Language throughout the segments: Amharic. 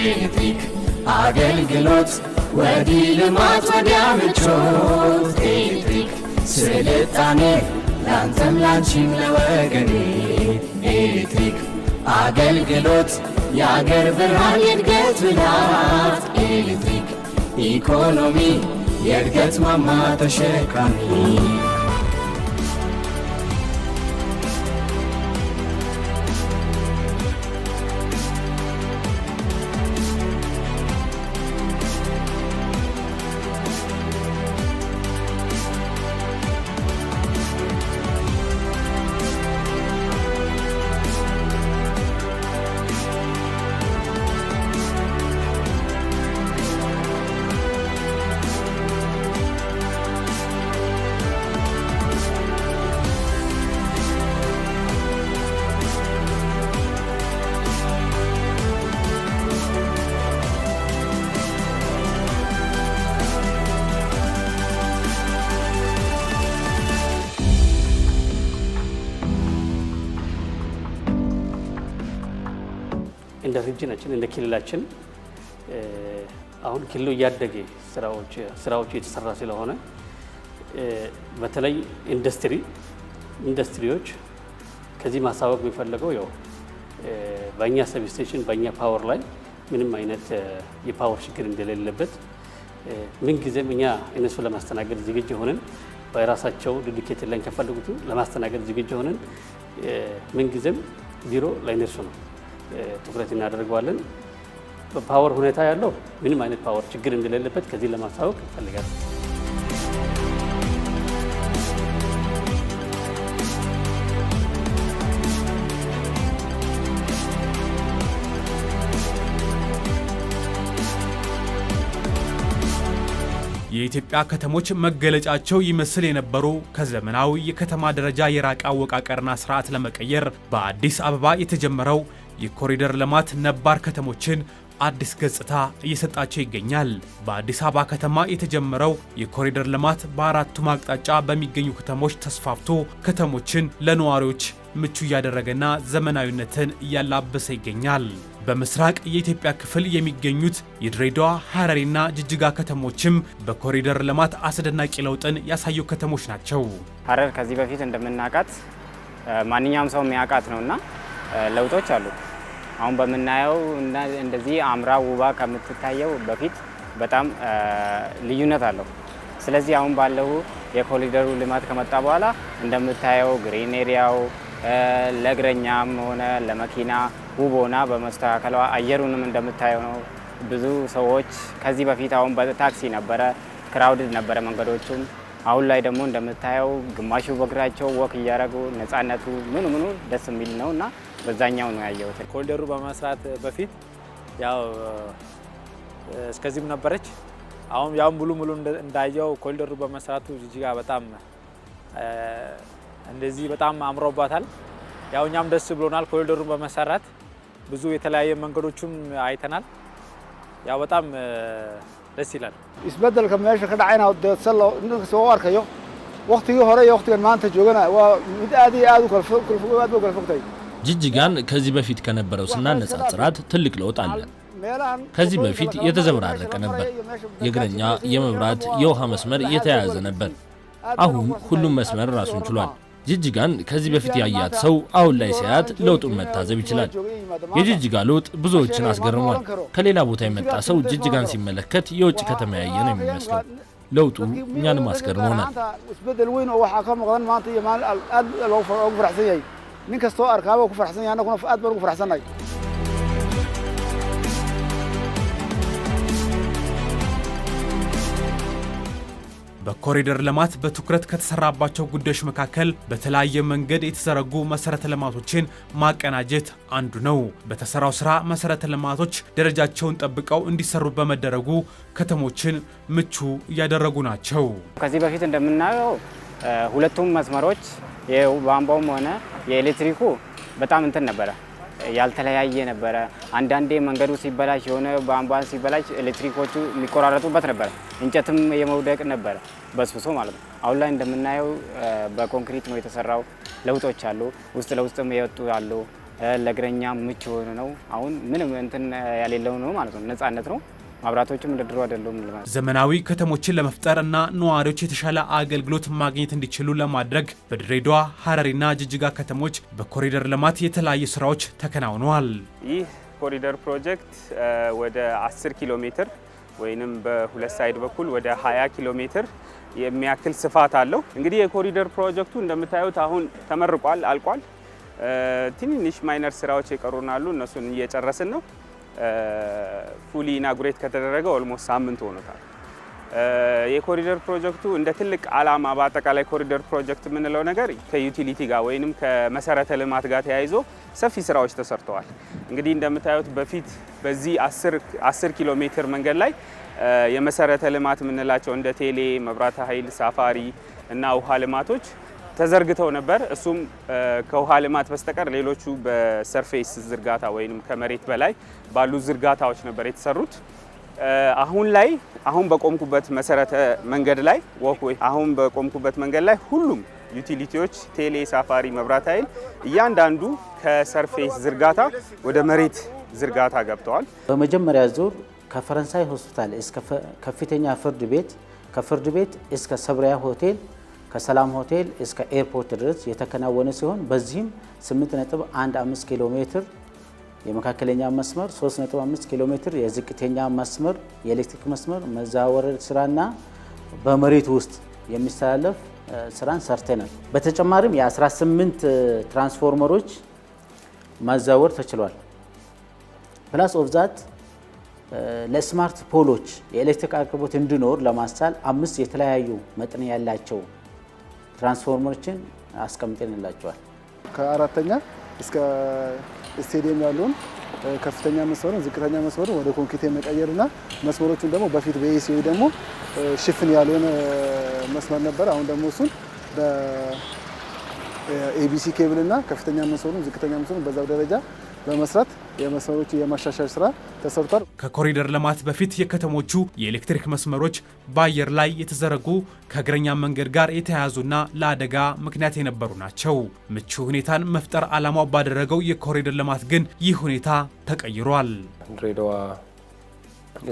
ኤሌክትሪክ አገልግሎት ወዲህ ልማት ወዲያ ምቾት ኤሌክትሪክ ስልጣኔ ላንተም ላንቺም ለወገኔ ኤሌክትሪክ አገልግሎት የአገር ብርሃን የእድገት ብላት ኤሌክትሪክ ኢኮኖሚ የእድገት ማማ ተሸካሚ እንደ ሪጅናችን እንደ ክልላችን አሁን ክልሉ እያደገ ስራዎች የተሰራ ስለሆነ በተለይ ኢንዱስትሪ ኢንዱስትሪዎች ከዚህ ማሳወቅ የሚፈለገው ያው በእኛ ሰብስቴሽን በእኛ ፓወር ላይ ምንም አይነት የፓወር ችግር እንደሌለበት ምንጊዜም እኛ እነሱ ለማስተናገድ ዝግጅ ሆነን በራሳቸው ዲዲኬት ላይ ከፈለጉት ለማስተናገድ ዝግጅ ሆነን ምንጊዜም ቢሮ ላይነርሱ ነው። ትኩረት እናደርገዋለን። በፓወር ሁኔታ ያለው ምንም አይነት ፓወር ችግር እንደሌለበት ከዚህ ለማስታወቅ ይፈልጋል። የኢትዮጵያ ከተሞች መገለጫቸው ይመስል የነበሩ ከዘመናዊ የከተማ ደረጃ የራቀ አወቃቀርና ስርዓት ለመቀየር በአዲስ አበባ የተጀመረው የኮሪደር ልማት ነባር ከተሞችን አዲስ ገጽታ እየሰጣቸው ይገኛል። በአዲስ አበባ ከተማ የተጀመረው የኮሪደር ልማት በአራቱም አቅጣጫ በሚገኙ ከተሞች ተስፋፍቶ ከተሞችን ለነዋሪዎች ምቹ እያደረገና ዘመናዊነትን እያላበሰ ይገኛል። በምስራቅ የኢትዮጵያ ክፍል የሚገኙት የድሬዳዋ ሐረሪና ጅጅጋ ከተሞችም በኮሪደር ልማት አስደናቂ ለውጥን ያሳዩ ከተሞች ናቸው። ሐረር ከዚህ በፊት እንደምናውቃት ማንኛውም ሰው የሚያውቃት ነውና ለውጦች አሉ። አሁን በምናየው እና እንደዚህ አምራ ውባ ከምትታየው በፊት በጣም ልዩነት አለው። ስለዚህ አሁን ባለው የኮሪደሩ ልማት ከመጣ በኋላ እንደምታየው ግሪን ኤሪያው ለእግረኛም ሆነ ለመኪና ውቦና ሆና በመስተካከሏ አየሩንም እንደምታየው ነው። ብዙ ሰዎች ከዚህ በፊት አሁን በታክሲ ነበረ፣ ክራውድድ ነበረ መንገዶቹም። አሁን ላይ ደግሞ እንደምታየው ግማሹ በእግራቸው ወክ እያደረጉ ነፃነቱ ምኑ ምኑ ደስ የሚል ነው እና በዛኛው ነው ያየሁት። ኮሪደሩ በመስራት በፊት ያው እስከዚህም ነበረች። አሁን ያው ሙሉ ሙሉ እንዳየው ኮሪደሩ በመስራቱ ጅጅጋ በጣም እንደዚህ በጣም አምሮባታል። ያው እኛም ደስ ብሎናል ኮሪደሩን በመሰራት ብዙ የተለያየ መንገዶችም አይተናል። ያው በጣም ደስ ይላል። isbedelka meesha ka dhacayna deedsan ninkasoo arkayo waktigii hore iyo waktigan maanta joogana waa mid aad iyo aad u kalfog ጅጅጋን ከዚህ በፊት ከነበረው ስናነጻጽራት ትልቅ ለውጥ አለ። ከዚህ በፊት የተዘበራረቀ ነበር። የእግረኛ፣ የመብራት፣ የውሃ መስመር የተያያዘ ነበር። አሁን ሁሉም መስመር ራሱን ችሏል። ጅጅጋን ከዚህ በፊት ያያት ሰው አሁን ላይ ሲያያት ለውጡን መታዘብ ይችላል። የጅጅጋ ለውጥ ብዙዎችን አስገርሟል። ከሌላ ቦታ የመጣ ሰው ጅጅጋን ሲመለከት የውጭ ከተማ ያየ ነው የሚመስለው። ለውጡ እኛንም አስገርሞናል። nin kastoo arkaaba ku farxsanya annaguna aad baan ugu farxsannahay በኮሪደር ልማት በትኩረት ከተሰራባቸው ጉዳዮች መካከል በተለያየ መንገድ የተዘረጉ መሰረተ ልማቶችን ማቀናጀት አንዱ ነው። በተሰራው ስራ መሰረተ ልማቶች ደረጃቸውን ጠብቀው እንዲሰሩ በመደረጉ ከተሞችን ምቹ እያደረጉ ናቸው። ከዚህ በፊት እንደምናየው ሁለቱም መስመሮች የቧንቧውም ሆነ የኤሌክትሪኩ በጣም እንትን ነበረ ያልተለያየ ነበረ። አንዳንዴ መንገዱ ሲበላሽ የሆነ ቧንቧ ሲበላሽ ኤሌክትሪኮቹ የሚቆራረጡበት ነበረ። እንጨትም የመውደቅ ነበረ በስብሶ ማለት ነው። አሁን ላይ እንደምናየው በኮንክሪት ነው የተሰራው። ለውጦች አሉ፣ ውስጥ ለውስጥም የወጡ አሉ። ለእግረኛ ምቹ የሆነ ነው። አሁን ምንም እንትን ያሌለው ነው ማለት ነው። ነጻነት ነው። መብራቶችም እንደ ድሮ አይደሉም። ዘመናዊ ከተሞችን ለመፍጠር እና ነዋሪዎች የተሻለ አገልግሎት ማግኘት እንዲችሉ ለማድረግ በድሬዳዋ ሐረሪና ጅጅጋ ከተሞች በኮሪደር ልማት የተለያዩ ስራዎች ተከናውነዋል። ይህ ኮሪደር ፕሮጀክት ወደ 10 ኪሎ ሜትር ወይም በሁለት ሳይድ በኩል ወደ 20 ኪሎ ሜትር የሚያክል ስፋት አለው። እንግዲህ የኮሪደር ፕሮጀክቱ እንደምታዩት አሁን ተመርቋል፣ አልቋል። ትንንሽ ማይነር ስራዎች ይቀሩናሉ። እነሱን እየጨረስን ነው። ፉሊ ኢናጉሬት ከተደረገ ኦልሞስት ሳምንት ሆኖታል። የኮሪደር ፕሮጀክቱ እንደ ትልቅ ዓላማ በአጠቃላይ ኮሪደር ፕሮጀክት የምንለው ነገር ከዩቲሊቲ ጋር ወይንም ከመሰረተ ልማት ጋር ተያይዞ ሰፊ ስራዎች ተሰርተዋል። እንግዲህ እንደምታዩት በፊት በዚህ 10 ኪሎ ሜትር መንገድ ላይ የመሰረተ ልማት የምንላቸው እንደ ቴሌ፣ መብራት ኃይል፣ ሳፋሪ እና ውሃ ልማቶች ተዘርግተው ነበር። እሱም ከውሃ ልማት በስተቀር ሌሎቹ በሰርፌስ ዝርጋታ ወይም ከመሬት በላይ ባሉ ዝርጋታዎች ነበር የተሰሩት። አሁን ላይ አሁን በቆምኩበት መሰረተ መንገድ ላይ ወክዌይ አሁን በቆምኩበት መንገድ ላይ ሁሉም ዩቲሊቲዎች፣ ቴሌ፣ ሳፋሪ፣ መብራት ኃይል እያንዳንዱ ከሰርፌስ ዝርጋታ ወደ መሬት ዝርጋታ ገብተዋል። በመጀመሪያ ዙር ከፈረንሳይ ሆስፒታል እስከ ከፍተኛ ፍርድ ቤት ከፍርድ ቤት እስከ ሰብሪያ ሆቴል ከሰላም ሆቴል እስከ ኤርፖርት ድረስ የተከናወነ ሲሆን በዚህም 8.15 ኪሎ ሜትር የመካከለኛ መስመር 3.5 ኪሎ ሜትር የዝቅተኛ መስመር የኤሌክትሪክ መስመር መዛወር ስራና በመሬት ውስጥ የሚስተላለፍ ስራን ሰርተናል። በተጨማሪም የ18 ትራንስፎርመሮች ማዛወር ተችሏል። ፕላስ ኦፍ ዛት ለስማርት ፖሎች የኤሌክትሪክ አቅርቦት እንዲኖር ለማስቻል አምስት የተለያዩ መጠን ያላቸው ትራንስፎርመሮችን አስቀምጠንላቸዋል። ከአራተኛ እስከ ስቴዲየም ያለውን ከፍተኛ መስመሩን ዝቅተኛ መስመሩን ወደ ኮንክሪት የመቀየርና መስመሮቹን ደግሞ በፊት በኤሲዩ ደግሞ ሽፍን ያልሆነ መስመር ነበር። አሁን ደግሞ እሱን በኤቢሲ ኬብልና ከፍተኛ መስመሩን ዝቅተኛ መስመሩን በዛው ደረጃ በመስራት የመስመሮች የማሻሻል ስራ ተሰርቷል። ከኮሪደር ልማት በፊት የከተሞቹ የኤሌክትሪክ መስመሮች በአየር ላይ የተዘረጉ ከእግረኛ መንገድ ጋር የተያያዙና ለአደጋ ምክንያት የነበሩ ናቸው። ምቹ ሁኔታን መፍጠር ዓላማው ባደረገው የኮሪደር ልማት ግን ይህ ሁኔታ ተቀይሯል። ድሬዳዋ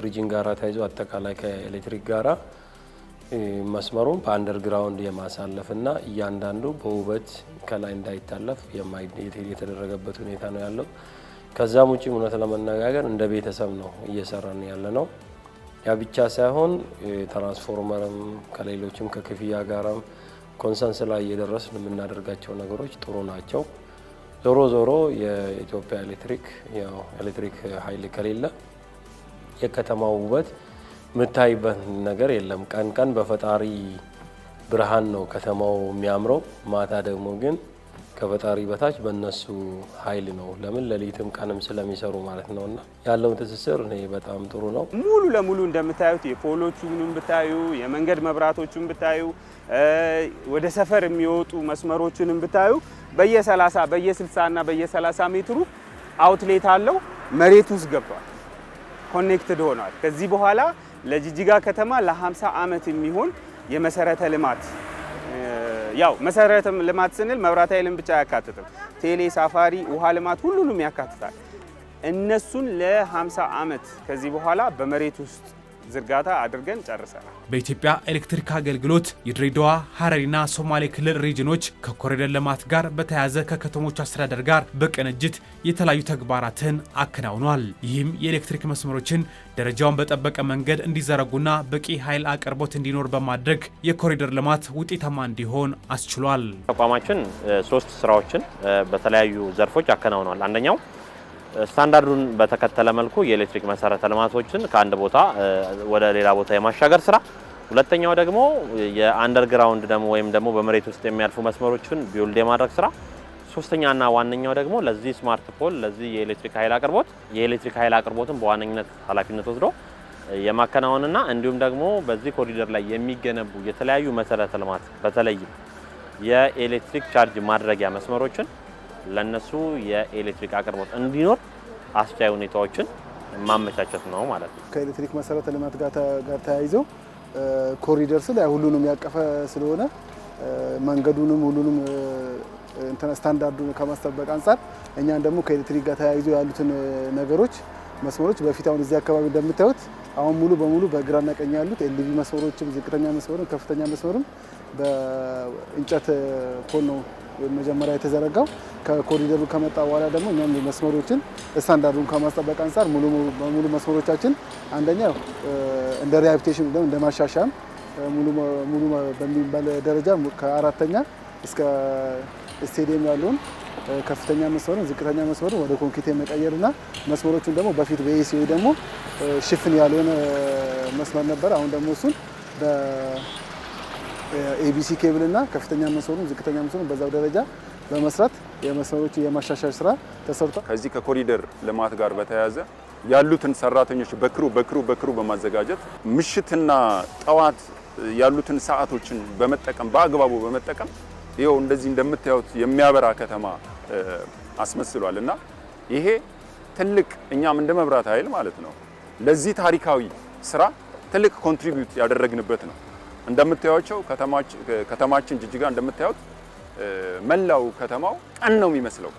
ሪጅን ጋራ ተያይዞ አጠቃላይ ከኤሌክትሪክ ጋራ መስመሩን በአንደርግራውንድ የማሳለፍ እና እያንዳንዱ በውበት ከላይ እንዳይታለፍ የተደረገበት ሁኔታ ነው ያለው። ከዛም ውጭ እውነት ለመነጋገር እንደ ቤተሰብ ነው እየሰራን ያለ ነው። ያ ብቻ ሳይሆን ትራንስፎርመርም ከሌሎችም ከክፍያ ጋርም ኮንሰንስ ላይ እየደረስ የምናደርጋቸው ነገሮች ጥሩ ናቸው። ዞሮ ዞሮ የኢትዮጵያ ኤሌክትሪክ ኤሌክትሪክ ኃይል ከሌለ የከተማው ውበት የምታይበት ነገር የለም። ቀን ቀን በፈጣሪ ብርሃን ነው ከተማው የሚያምረው። ማታ ደግሞ ግን ከፈጣሪ በታች በእነሱ ኃይል ነው። ለምን ሌሊትም ቀንም ስለሚሰሩ ማለት ነው። እና ያለው ትስስር እኔ በጣም ጥሩ ነው። ሙሉ ለሙሉ እንደምታዩት የፖሎቹንም ብታዩ፣ የመንገድ መብራቶቹን ብታዩ፣ ወደ ሰፈር የሚወጡ መስመሮችንም ብታዩ በየ30 በየ60 እና በየ30 ሜትሩ አውትሌት አለው። መሬት ውስጥ ገብቷል። ኮኔክትድ ሆኗል። ከዚህ በኋላ ለጂጂጋ ከተማ ለ50 ዓመት የሚሆን የመሰረተ ልማት ያው መሰረተ ልማት ስንል መብራት ኃይልን ብቻ አያካትትም። ቴሌ፣ ሳፋሪ፣ ውሃ ልማት ሁሉንም ያካትታል። እነሱን ለ50 ዓመት ከዚህ በኋላ በመሬት ውስጥ ዝርጋታ አድርገን ጨርሰናል። በኢትዮጵያ ኤሌክትሪክ አገልግሎት የድሬዳዋ ሐረሪና ሶማሌ ክልል ሪጅኖች ከኮሪደር ልማት ጋር በተያያዘ ከከተሞች አስተዳደር ጋር በቅንጅት የተለያዩ ተግባራትን አከናውኗል። ይህም የኤሌክትሪክ መስመሮችን ደረጃውን በጠበቀ መንገድ እንዲዘረጉና በቂ ኃይል አቅርቦት እንዲኖር በማድረግ የኮሪደር ልማት ውጤታማ እንዲሆን አስችሏል። ተቋማችን ሶስት ስራዎችን በተለያዩ ዘርፎች አከናውኗል። አንደኛው ስታንዳርዱን በተከተለ መልኩ የኤሌክትሪክ መሰረተ ልማቶችን ከአንድ ቦታ ወደ ሌላ ቦታ የማሻገር ስራ፣ ሁለተኛው ደግሞ የአንደርግራውንድ ደግሞ ወይም ደግሞ በመሬት ውስጥ የሚያልፉ መስመሮችን ቢውልድ የማድረግ ስራ፣ ሶስተኛና ዋነኛው ደግሞ ለዚህ ስማርት ፖል ለዚህ የኤሌክትሪክ ኃይል አቅርቦት የኤሌክትሪክ ኃይል አቅርቦትን በዋነኝነት ኃላፊነት ወስዶ የማከናወንና እንዲሁም ደግሞ በዚህ ኮሪደር ላይ የሚገነቡ የተለያዩ መሰረተ ልማት በተለይም የኤሌክትሪክ ቻርጅ ማድረጊያ መስመሮችን ለነሱ የኤሌክትሪክ አቅርቦት እንዲኖር አስቻይ ሁኔታዎችን ማመቻቸት ነው ማለት ነው። ከኤሌክትሪክ መሰረተ ልማት ጋር ተያይዘው ኮሪደርስ ላይ ሁሉንም ያቀፈ ስለሆነ መንገዱንም ሁሉንም ስታንዳርዱን ከማስጠበቅ አንጻር እኛን ደግሞ ከኤሌክትሪክ ጋር ተያይዞ ያሉትን ነገሮች መስመሮች በፊት አሁን እዚህ አካባቢ እንደምታዩት አሁን ሙሉ በሙሉ በግራና ቀኝ ያሉት ኤልቪ መስመሮችም ዝቅተኛ መስመርም ከፍተኛ መስመርም በእንጨት ኮን ነው መጀመሪያ የተዘረጋው ከኮሪደሩ ከመጣ በኋላ ደግሞ እኛም መስመሮችን ስታንዳርዱን ከማስጠበቅ አንጻር ሙሉ መስመሮቻችን አንደኛው እንደ ሪሃቢቴሽን ደግሞ እንደ ማሻሻያም ሙሉ በሚባል ደረጃ ከአራተኛ እስከ ስቴዲየም ያለውን ከፍተኛ መስመሩን ዝቅተኛ መስመሩን ወደ ኮንክሪት የመቀየርና መስመሮቹን ደግሞ በፊት በኤሲዩ ደግሞ ሽፍን ያልሆነ መስመር ነበር። አሁን ደግሞ እሱን ኤቢሲ ኬብል እና ከፍተኛ መስመሩን ዝቅተኛ መስመሩን በዛው ደረጃ በመስራት የመስመሮች የማሻሻል ስራ ተሰርቷል። ከዚህ ከኮሪደር ልማት ጋር በተያያዘ ያሉትን ሰራተኞች በክሩ በክሩ በክሩ በማዘጋጀት ምሽትና ጠዋት ያሉትን ሰዓቶችን በመጠቀም በአግባቡ በመጠቀም ይኸው እንደዚህ እንደምታዩት የሚያበራ ከተማ አስመስሏል እና ይሄ ትልቅ እኛም እንደ መብራት ኃይል ማለት ነው ለዚህ ታሪካዊ ስራ ትልቅ ኮንትሪቢዩት ያደረግንበት ነው። እንደምታዩቸው ከተማችን ጅጅጋ እንደምታዩት መላው ከተማው ቀን ነው የሚመስለው።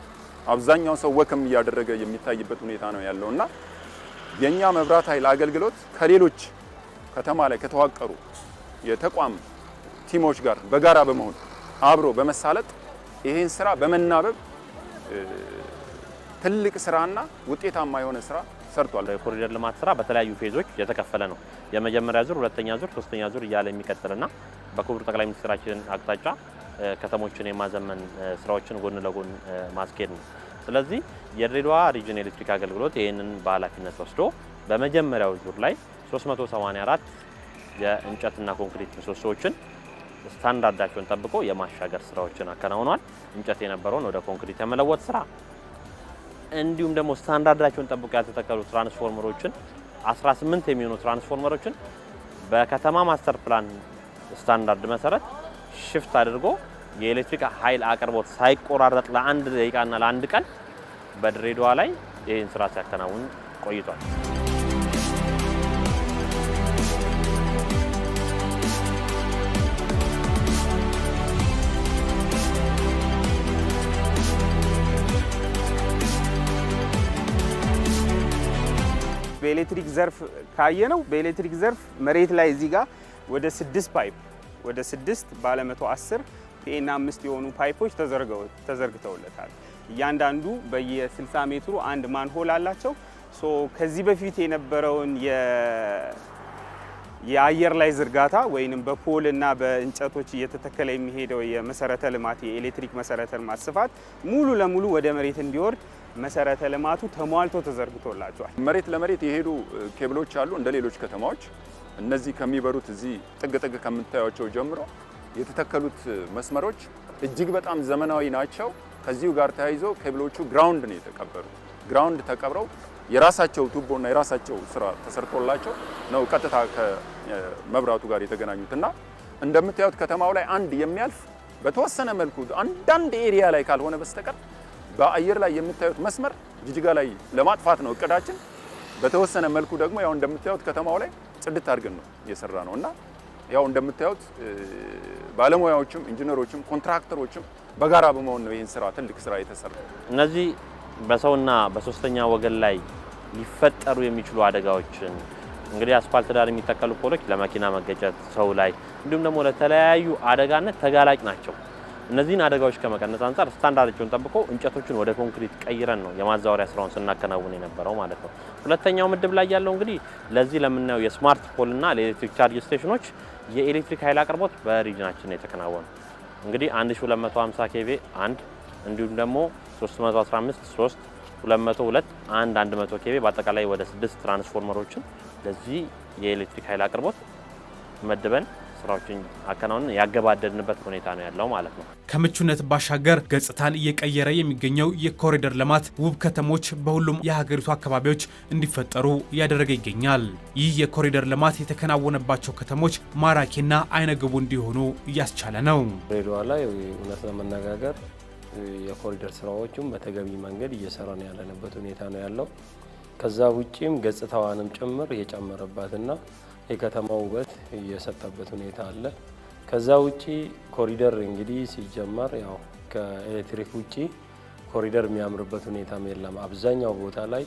አብዛኛው ሰው ወክም እያደረገ የሚታይበት ሁኔታ ነው ያለው እና የኛ መብራት ኃይል አገልግሎት ከሌሎች ከተማ ላይ ከተዋቀሩ የተቋም ቲሞች ጋር በጋራ በመሆን አብሮ በመሳለጥ ይህን ስራ በመናበብ ትልቅ ስራና ውጤታማ የሆነ ስራ ሰርቷል። የኮሪደር ልማት ስራ በተለያዩ ፌዞች የተከፈለ ነው። የመጀመሪያ ዙር፣ ሁለተኛ ዙር፣ ሶስተኛ ዙር እያለ የሚቀጥልና በክቡር ጠቅላይ ሚኒስትራችን አቅጣጫ ከተሞችን የማዘመን ስራዎችን ጎን ለጎን ማስኬድ ነው። ስለዚህ የድሬዳዋ ሪጅን ኤሌክትሪክ አገልግሎት ይህንን በኃላፊነት ወስዶ በመጀመሪያው ዙር ላይ 384 የእንጨትና ኮንክሪት ምሰሶዎችን ስታንዳርዳቸውን ጠብቆ የማሻገር ስራዎችን አከናውኗል። እንጨት የነበረውን ወደ ኮንክሪት የመለወጥ ስራ እንዲሁም ደግሞ ስታንዳርዳቸውን ጠብቀው ያልተተከሉ ትራንስፎርመሮችን 18 የሚሆኑ ትራንስፎርመሮችን በከተማ ማስተር ፕላን ስታንዳርድ መሰረት ሽፍት አድርጎ የኤሌክትሪክ ኃይል አቅርቦት ሳይቆራረጥ ለአንድ ደቂቃና ለአንድ ቀን በድሬዳዋ ላይ ይህን ስራ ሲያከናውን ቆይቷል። በኤሌክትሪክ ዘርፍ ካየነው በኤሌክትሪክ ዘርፍ መሬት ላይ እዚህ ጋር ወደ ስድስት ፓይፕ ወደ ስድስት ባለ አስር ፒኤና አምስት የሆኑ ፓይፖች ተዘርግተውለታል። እያንዳንዱ በየ60 ሜትሩ አንድ ማንሆል አላቸው። ሶ ከዚህ በፊት የነበረውን የአየር ላይ ዝርጋታ ወይም በፖል እና በእንጨቶች እየተተከለ የሚሄደው የመሰረተ ልማት የኤሌክትሪክ መሰረተ ልማት ስፋት ሙሉ ለሙሉ ወደ መሬት እንዲወርድ መሰረተ ልማቱ ተሟልቶ ተዘርግቶላቸዋል። መሬት ለመሬት የሄዱ ኬብሎች አሉ እንደ ሌሎች ከተማዎች። እነዚህ ከሚበሩት እዚህ ጥግ ጥግ ከምታያቸው ጀምሮ የተተከሉት መስመሮች እጅግ በጣም ዘመናዊ ናቸው። ከዚሁ ጋር ተያይዞ ኬብሎቹ ግራውንድ ነው የተቀበሩ። ግራውንድ ተቀብረው የራሳቸው ቱቦና የራሳቸው ስራ ተሰርቶላቸው ነው ቀጥታ ከመብራቱ ጋር የተገናኙት እና እንደምታዩት ከተማው ላይ አንድ የሚያልፍ በተወሰነ መልኩ አንዳንድ ኤሪያ ላይ ካልሆነ በስተቀር በአየር ላይ የምታዩት መስመር ጅጅጋ ላይ ለማጥፋት ነው እቅዳችን። በተወሰነ መልኩ ደግሞ ያው እንደምታዩት ከተማው ላይ ጽድት አድርገን ነው እየሰራ ነው እና ያው እንደምታዩት ባለሙያዎችም ኢንጂነሮችም ኮንትራክተሮችም በጋራ በመሆን ነው ይህን ስራ ትልቅ ስራ የተሰራ። እነዚህ በሰውና በሶስተኛ ወገን ላይ ሊፈጠሩ የሚችሉ አደጋዎችን እንግዲህ አስፋልት ዳር የሚተከሉ ፖሎች ለመኪና መገጨት፣ ሰው ላይ እንዲሁም ደግሞ ለተለያዩ አደጋነት ተጋላጭ ናቸው። እነዚህን አደጋዎች ከመቀነስ አንጻር ስታንዳርዶቹን ጠብቆ እንጨቶችን ወደ ኮንክሪት ቀይረን ነው የማዛወሪያ ስራውን ስናከናውን የነበረው ማለት ነው። ሁለተኛው ምድብ ላይ ያለው እንግዲህ ለዚህ ለምናየው የስማርት ፖል እና ለኤሌክትሪክ ቻርጅ ስቴሽኖች የኤሌክትሪክ ኃይል አቅርቦት በሪጅናችን የተከናወኑ እንግዲህ 1250 ኬቪ አንድ እንዲሁም ደግሞ 315 3 202 አንድ 100 ኬቪ በአጠቃላይ ወደ ስድስት ትራንስፎርመሮችን ለዚህ የኤሌክትሪክ ኃይል አቅርቦት መድበን ስራዎችን አከናውን ያገባደድንበት ሁኔታ ነው ያለው ማለት ነው። ከምቹነት ባሻገር ገጽታን እየቀየረ የሚገኘው የኮሪደር ልማት ውብ ከተሞች በሁሉም የሀገሪቱ አካባቢዎች እንዲፈጠሩ እያደረገ ይገኛል። ይህ የኮሪደር ልማት የተከናወነባቸው ከተሞች ማራኪና አይነግቡ እንዲሆኑ እያስቻለ ነው። ድሬዳዋ ላይ እውነት ለመነጋገር የኮሪደር ስራዎችም በተገቢ መንገድ ነው ያለንበት ሁኔታ ነው ያለው። ከዛ ውጪም ገጽታዋንም ጭምር እየጨመረባትና የከተማው ውበት እየሰጠበት ሁኔታ አለ። ከዛ ውጪ ኮሪደር እንግዲህ ሲጀመር ያው ከኤሌክትሪክ ውጪ ኮሪደር የሚያምርበት ሁኔታም የለም። አብዛኛው ቦታ ላይ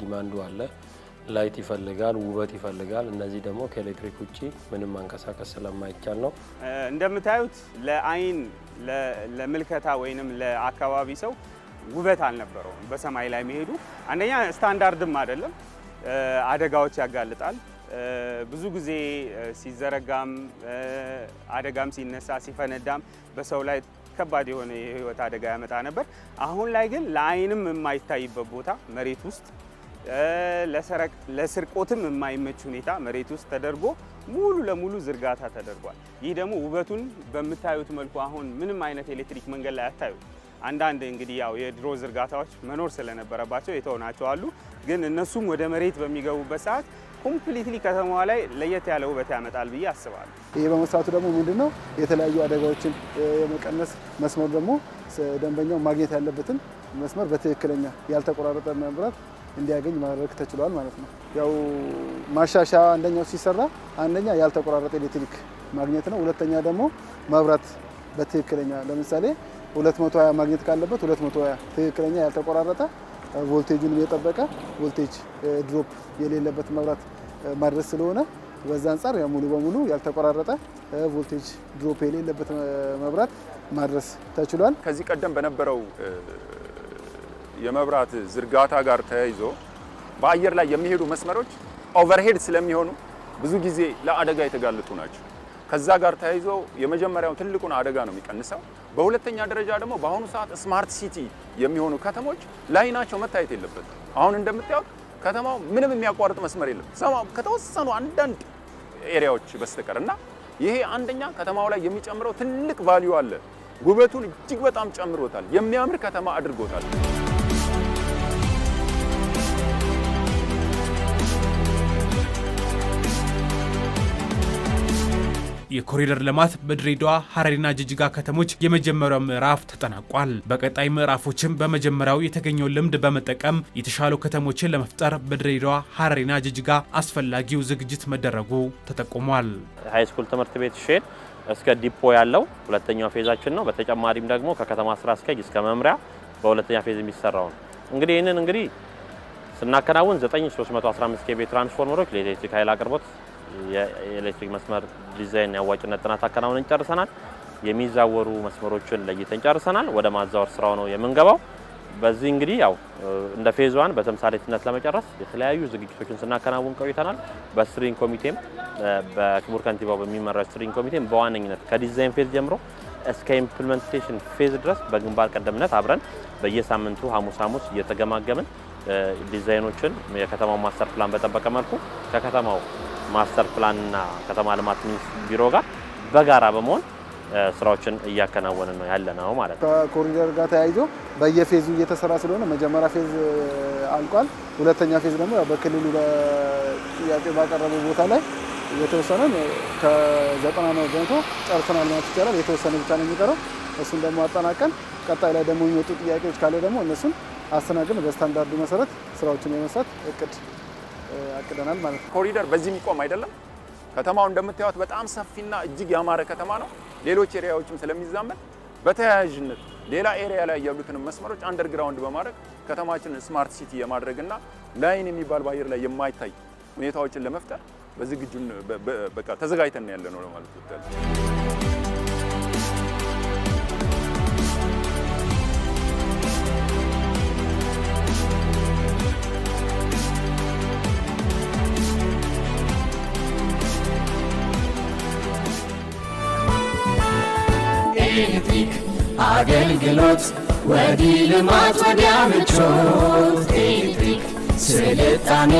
ዲማንዱ አለ። ላይት ይፈልጋል፣ ውበት ይፈልጋል። እነዚህ ደግሞ ከኤሌክትሪክ ውጪ ምንም ማንቀሳቀስ ስለማይቻል ነው። እንደምታዩት ለአይን ለምልከታ ወይንም ለአካባቢ ሰው ውበት አልነበረውም። በሰማይ ላይ መሄዱ አንደኛ ስታንዳርድም አይደለም፣ አደጋዎች ያጋልጣል። ብዙ ጊዜ ሲዘረጋም አደጋም ሲነሳ ሲፈነዳም በሰው ላይ ከባድ የሆነ የህይወት አደጋ ያመጣ ነበር። አሁን ላይ ግን ለአይንም የማይታይበት ቦታ መሬት ውስጥ ለስርቆትም የማይመች ሁኔታ መሬት ውስጥ ተደርጎ ሙሉ ለሙሉ ዝርጋታ ተደርጓል። ይህ ደግሞ ውበቱን በምታዩት መልኩ አሁን ምንም አይነት ኤሌክትሪክ መንገድ ላይ አታዩ። አንዳንድ እንግዲህ ያው የድሮ ዝርጋታዎች መኖር ስለነበረባቸው የተው አሉ። ግን እነሱም ወደ መሬት በሚገቡበት ሰዓት ኮምፕሊትሊ ከተማዋ ላይ ለየት ያለ ውበት ያመጣል ብዬ አስባለሁ። ይሄ በመስራቱ ደግሞ ምንድን ነው የተለያዩ አደጋዎችን የመቀነስ መስመሩ ደግሞ ደንበኛው ማግኘት ያለበትን መስመር በትክክለኛ ያልተቆራረጠ መብራት እንዲያገኝ ማድረግ ተችሏል ማለት ነው። ያው ማሻሻ አንደኛው ሲሰራ አንደኛ ያልተቆራረጠ ኤሌክትሪክ ማግኘት ነው። ሁለተኛ ደግሞ መብራት በትክክለኛ ለምሳሌ 220 ማግኘት ካለበት 220 ትክክለኛ ያልተቆራረጠ ቮልቴጁን የጠበቀ ቮልቴጅ ድሮፕ የሌለበት መብራት ማድረስ ስለሆነ በዛ አንጻር ሙሉ በሙሉ ያልተቆራረጠ ቮልቴጅ ድሮፕ የሌለበት መብራት ማድረስ ተችሏል። ከዚህ ቀደም በነበረው የመብራት ዝርጋታ ጋር ተያይዞ በአየር ላይ የሚሄዱ መስመሮች ኦቨርሄድ ስለሚሆኑ ብዙ ጊዜ ለአደጋ የተጋለጡ ናቸው። ከዛ ጋር ተያይዞ የመጀመሪያው ትልቁን አደጋ ነው የሚቀንሰው። በሁለተኛ ደረጃ ደግሞ በአሁኑ ሰዓት ስማርት ሲቲ የሚሆኑ ከተሞች ላይ ናቸው መታየት የለበትም። አሁን እንደምታዩት ከተማው ምንም የሚያቋርጥ መስመር የለም ከተወሰኑ አንዳንድ ኤሪያዎች በስተቀር እና ይሄ አንደኛ ከተማው ላይ የሚጨምረው ትልቅ ቫሊዩ አለ። ውበቱን እጅግ በጣም ጨምሮታል። የሚያምር ከተማ አድርጎታል። የኮሪደር ልማት በድሬዳዋ ሐረሪና ጅጅጋ ከተሞች የመጀመሪያው ምዕራፍ ተጠናቋል። በቀጣይ ምዕራፎችም በመጀመሪያው የተገኘውን ልምድ በመጠቀም የተሻሉ ከተሞችን ለመፍጠር በድሬዳዋ ሐረሪና ጅጅጋ አስፈላጊው ዝግጅት መደረጉ ተጠቁሟል። ሃይስኩል ትምህርት ቤት ሼል እስከ ዲፖ ያለው ሁለተኛው ፌዛችን ነው። በተጨማሪም ደግሞ ከከተማ ስራ አስኪያጅ እስከ መምሪያ በሁለተኛ ፌዝ የሚሰራው ነው። እንግዲህ ይህንን እንግዲህ ስናከናውን 9315 ኬቤ ትራንስፎርመሮች ለኤሌክትሪክ ኃይል አቅርቦት የኤሌክትሪክ መስመር ዲዛይን ያዋጭነት ጥናት አከናውነን ጨርሰናል። የሚዛወሩ መስመሮችን ለይተን ጨርሰናል። ወደ ማዛወር ስራው ነው የምንገባው። በዚህ እንግዲህ ያው እንደ ፌዝ ዋን በተምሳሌትነት ለመጨረስ የተለያዩ ዝግጅቶችን ስናከናውን ቆይተናል። በስትሪንግ ኮሚቴም በክቡር ከንቲባው በሚመራ ስትሪንግ ኮሚቴም በዋነኝነት ከዲዛይን ፌዝ ጀምሮ እስከ ኢምፕሊመንቴሽን ፌዝ ድረስ በግንባር ቀደምነት አብረን በየሳምንቱ ሐሙስ ሐሙስ እየተገማገምን ዲዛይኖችን የከተማው ማስተር ፕላን በጠበቀ መልኩ ከከተማው ማስተር ፕላንና ከተማ ልማት ቢሮ ጋር በጋራ በመሆን ስራዎችን እያከናወንን ነው ያለ ነው ማለት ነው። ከኮሪደር ጋር ተያይዞ በየፌዙ እየተሰራ ስለሆነ መጀመሪያ ፌዝ አልቋል። ሁለተኛ ፌዝ ደግሞ በክልሉ ጥያቄ ባቀረበ ቦታ ላይ የተወሰነ ከዘጠና ነው ገንቶ ጨርሰናል ማለት ይቻላል። የተወሰነ ብቻ ነው የሚቀረው። እሱን ደግሞ አጠናቀን ቀጣይ ላይ ደግሞ የሚወጡ ጥያቄዎች ካለ ደግሞ እነሱን አስተናግን በስታንዳርዱ መሰረት ስራዎችን የመስራት እቅድ አቅደናል ማለት ነው። ኮሪደር በዚህ የሚቆም አይደለም። ከተማው እንደምታዩት በጣም ሰፊና እጅግ ያማረ ከተማ ነው። ሌሎች ኤሪያዎችም ስለሚዛመድ በተያያዥነት ሌላ ኤሪያ ላይ ያሉትንም መስመሮች አንደርግራውንድ በማድረግ ከተማችንን ስማርት ሲቲ የማድረግና ላይን የሚባል በአየር ላይ የማይታይ ሁኔታዎችን ለመፍጠር በዝግጁን በቃ ተዘጋጅተን ያለ ነው ለማለት ይታል። አገልግሎት ወዲ ልማት ወዲያ ምቾት ኤሌክትሪክ ስልጣኔ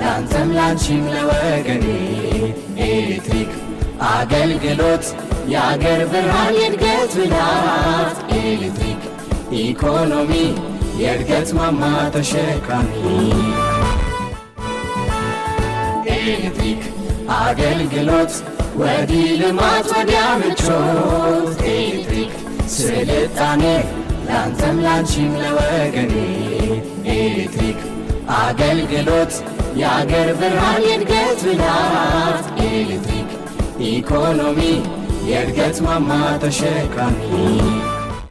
ላንተም ላንቺም ለወገኔ ኤሌክትሪክ አገልግሎት የአገር ብርሃን የእድገት ብላት ኤሌክትሪክ ኢኮኖሚ የእድገት ማማ ተሸካሚ ኤሌክትሪክ አገልግሎት ወዲ ልማት ወዲያ ምቾት ኤሌክትሪክ ስልጣኔ ላንተም ላንቺም ለወገኔ ኤሌክትሪክ አገልግሎት የአገር ብርሃን የእድገት ብላት ኤሌክትሪክ ኢኮኖሚ የእድገት ማማ ተሸካሚ